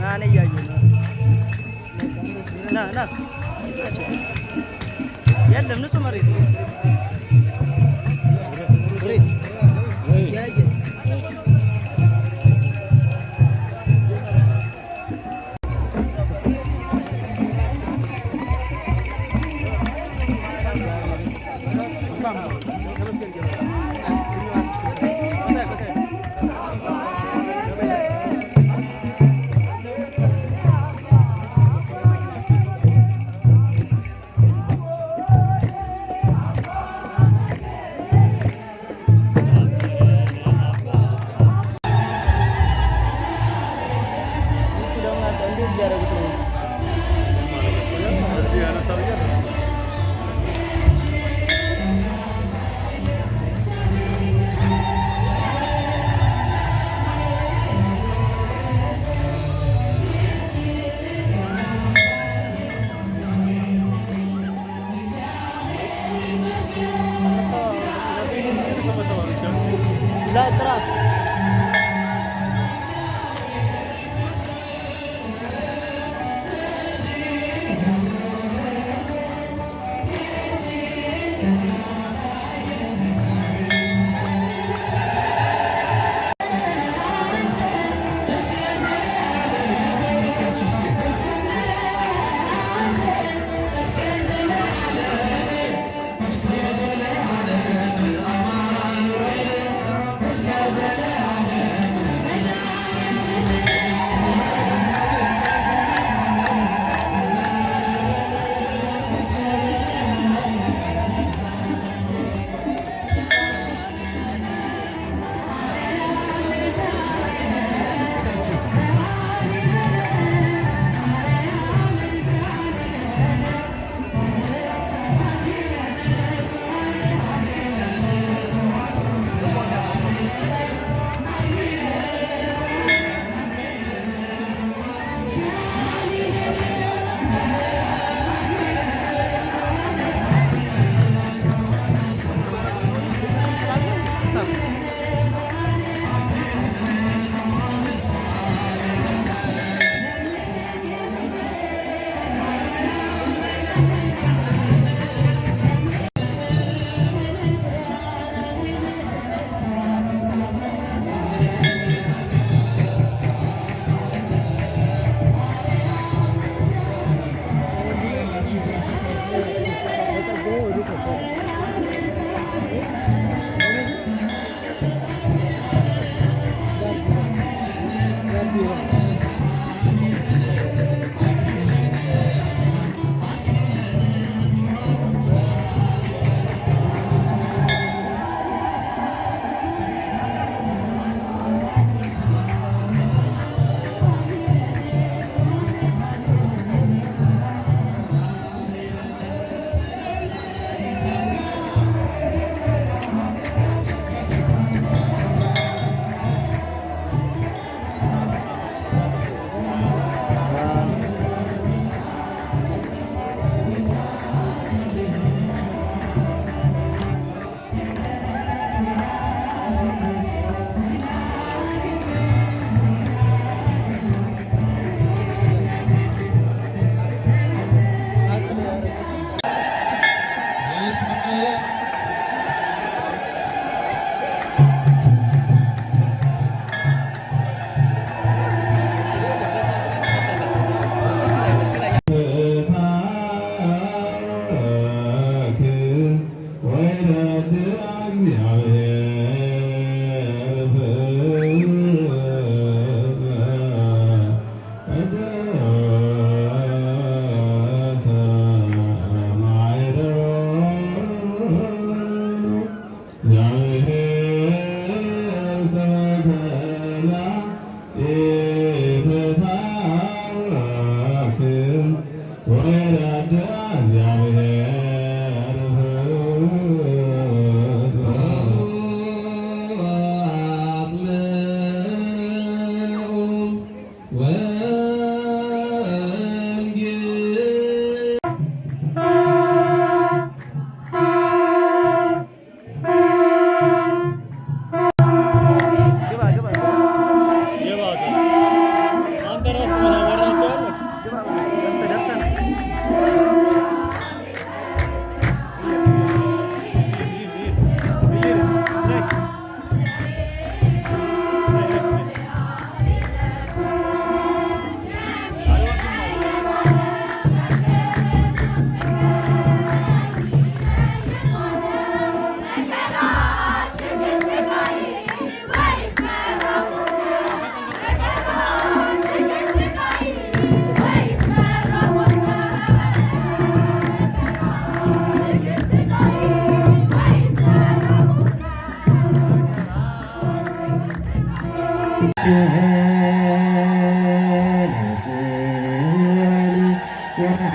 Nah, ini nah, nah, nah, nah, nah, nah, nah, nah, Yeah.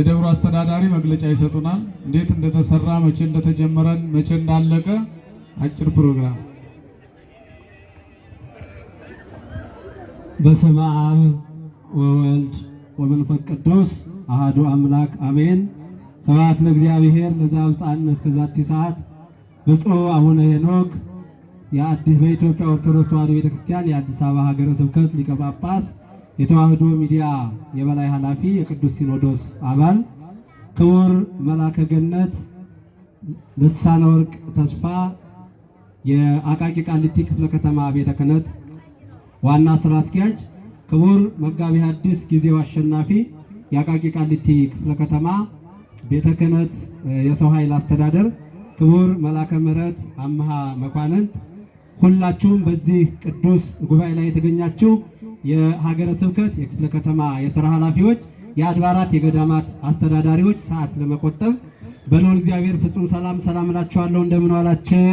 የደብሩ አስተዳዳሪ መግለጫ ይሰጡናል። እንዴት እንደተሰራ መቼ እንደተጀመረ መቼ እንዳለቀ አጭር ፕሮግራም። በስመ አብ ወወልድ ወመንፈስ ቅዱስ አሃዱ አምላክ አሜን። ስብሐት ለእግዚአብሔር ለዘአብጽሐነ እስከዛቲ ሰዓት። ብፁዕ አቡነ ሄኖክ በኢትዮጵያ ኦርቶዶክስ ተዋሕዶ ቤተክርስቲያን የአዲስ አበባ ሀገረ ስብከት ሊቀ ጳጳስ የተዋህዶ ሚዲያ የበላይ ኃላፊ የቅዱስ ሲኖዶስ አባል ክቡር መላከ ገነት ልሳነ ወርቅ ተስፋ የአቃቂ ቃሊቲ ክፍለ ከተማ ቤተ ክህነት ዋና ስራ አስኪያጅ፣ ክቡር መጋቢ ሐዲስ ጊዜው አሸናፊ የአቃቂ ቃሊቲ ክፍለ ከተማ ቤተ ክህነት የሰው ኃይል አስተዳደር፣ ክቡር መላከ ምሕረት አምሃ መኳንንት፣ ሁላችሁም በዚህ ቅዱስ ጉባኤ ላይ የተገኛችሁ የሀገረ ስብከት የክፍለ ከተማ የስራ ኃላፊዎች፣ የአድባራት የገዳማት አስተዳዳሪዎች ሰዓት ለመቆጠብ በሎን እግዚአብሔር ፍጹም ሰላም ሰላም እላችኋለሁ። እንደምን ዋላችሁ?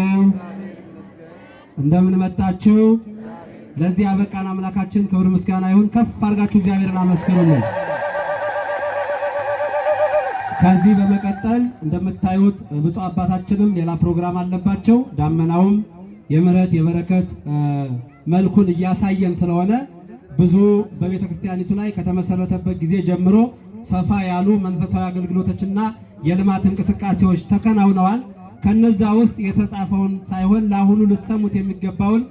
እንደምን መጣችሁ? ለዚህ አበቃን አምላካችን ክብር ምስጋና ይሁን። ከፍ አድርጋችሁ እግዚአብሔርን አመስግኑልን። ከዚህ በመቀጠል እንደምታዩት ብፁዕ አባታችንም ሌላ ፕሮግራም አለባቸው። ዳመናውም የምሕረት የበረከት መልኩን እያሳየን ስለሆነ ብዙ በቤተ ክርስቲያኒቱ ላይ ከተመሰረተበት ጊዜ ጀምሮ ሰፋ ያሉ መንፈሳዊ አገልግሎቶችና የልማት እንቅስቃሴዎች ተከናውነዋል። ከነዛ ውስጥ የተጻፈውን ሳይሆን ለአሁኑ ልትሰሙት የሚገባውን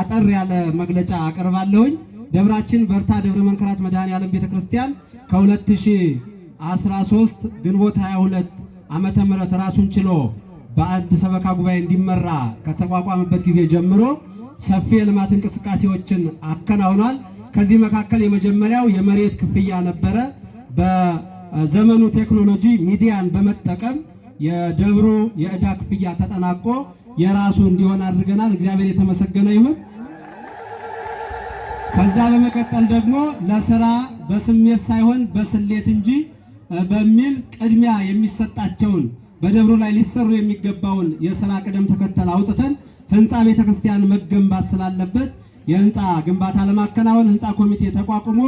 አጠር ያለ መግለጫ አቀርባለሁኝ። ደብራችን በርታ ደብረ መንከራት መድኃኔዓለም ቤተ ክርስቲያን ከ2013 ግንቦት 22 ዓመተ ምህረት ራሱን ችሎ በአንድ ሰበካ ጉባኤ እንዲመራ ከተቋቋመበት ጊዜ ጀምሮ ሰፊ የልማት እንቅስቃሴዎችን አከናውኗል። ከዚህ መካከል የመጀመሪያው የመሬት ክፍያ ነበረ። በዘመኑ ቴክኖሎጂ ሚዲያን በመጠቀም የደብሩ የእዳ ክፍያ ተጠናቆ የራሱ እንዲሆን አድርገናል። እግዚአብሔር የተመሰገነ ይሁን። ከዛ በመቀጠል ደግሞ ለስራ በስሜት ሳይሆን በስሌት እንጂ በሚል ቅድሚያ የሚሰጣቸውን በደብሩ ላይ ሊሰሩ የሚገባውን የስራ ቅደም ተከተል አውጥተን ህንፃ ቤተክርስቲያን መገንባት ስላለበት የህንፃ ግንባታ ለማከናወን ህንፃ ኮሚቴ ተቋቁሞ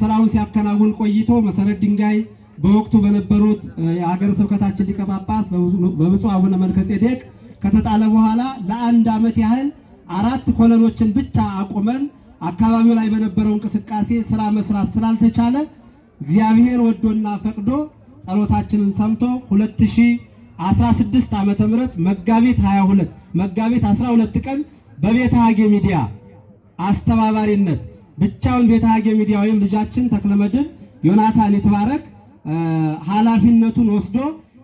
ስራውን ሲያከናውን ቆይቶ መሰረት ድንጋይ በወቅቱ በነበሩት የሀገረ ስብከታችን ሊቀ ጳጳስ በብፁዕ አቡነ መልከ ከተጣለ በኋላ ለአንድ ዓመት ያህል አራት ኮለኖችን ብቻ አቁመን አካባቢው ላይ በነበረው እንቅስቃሴ ስራ መስራት ስላልተቻለ እግዚአብሔር ወዶና ፈቅዶ ጸሎታችንን ሰምቶ 2016 ዓ ም መጋቢት 22 መጋቢት 12 ቀን በቤተ ሀጌ ሚዲያ አስተባባሪነት ብቻውን ቤተ ሀገ ሚዲያ ወይም ልጃችን ተክለመድን ዮናታን ይትባረክ ኃላፊነቱን ወስዶ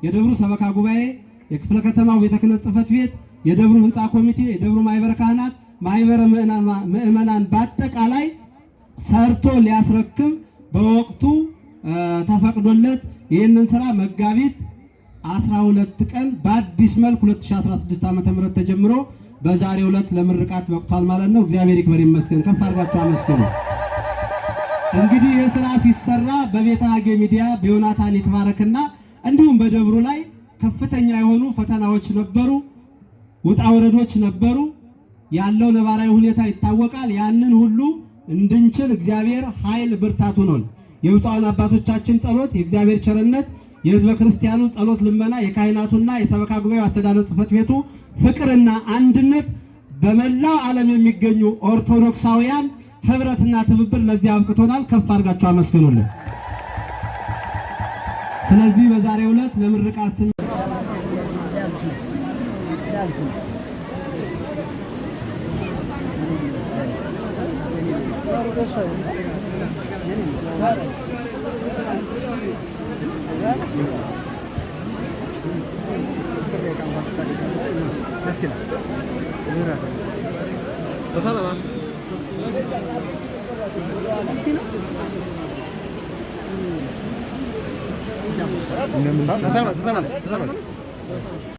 የደብሩ ሰበካ ጉባኤ፣ የክፍለ ከተማው ቤተ ክህነት ጽሕፈት ቤት፣ የደብሩ ህንፃ ኮሚቴ፣ የደብሩ ማይበረ ካህናት፣ ማይበረ ምእመናን በአጠቃላይ ሰርቶ ሊያስረክም በወቅቱ ተፈቅዶለት ይህንን ስራ መጋቢት 12 ቀን በአዲስ መልክ 2016 ም ተጀምሮ በዛሬ ዕለት ለምርቃት በቅቷል ማለት ነው። እግዚአብሔር ይክበር ይመስገን። ከፍ አድርጋችሁ አመስግኑ። እንግዲህ ይህ ስራ ሲሰራ በቤተ ሀጌ ሚዲያ በዮናታን ይትባረክና እንዲሁም በደብሩ ላይ ከፍተኛ የሆኑ ፈተናዎች ነበሩ፣ ውጣ ውረዶች ነበሩ። ያለው ነባራዊ ሁኔታ ይታወቃል። ያንን ሁሉ እንድንችል እግዚአብሔር ኃይል ብርታቱ ነን። የብፁዓን አባቶቻችን ጸሎት፣ የእግዚአብሔር ቸርነት፣ የህዝበ ክርስቲያኑ ጸሎት ልመና፣ የካህናቱና የሰበካ ጉባኤው አስተዳደር ጽሕፈት ቤቱ ፍቅርና አንድነት በመላው ዓለም የሚገኙ ኦርቶዶክሳውያን ህብረትና ትብብር ለዚህ አብቅቶናል። ከፍ አድርጋችሁ አመስግኑልን። ስለዚህ በዛሬ ዕለት ለምርቃት ስን Gracias. Pasada, va. Pasada, pasada, pasada.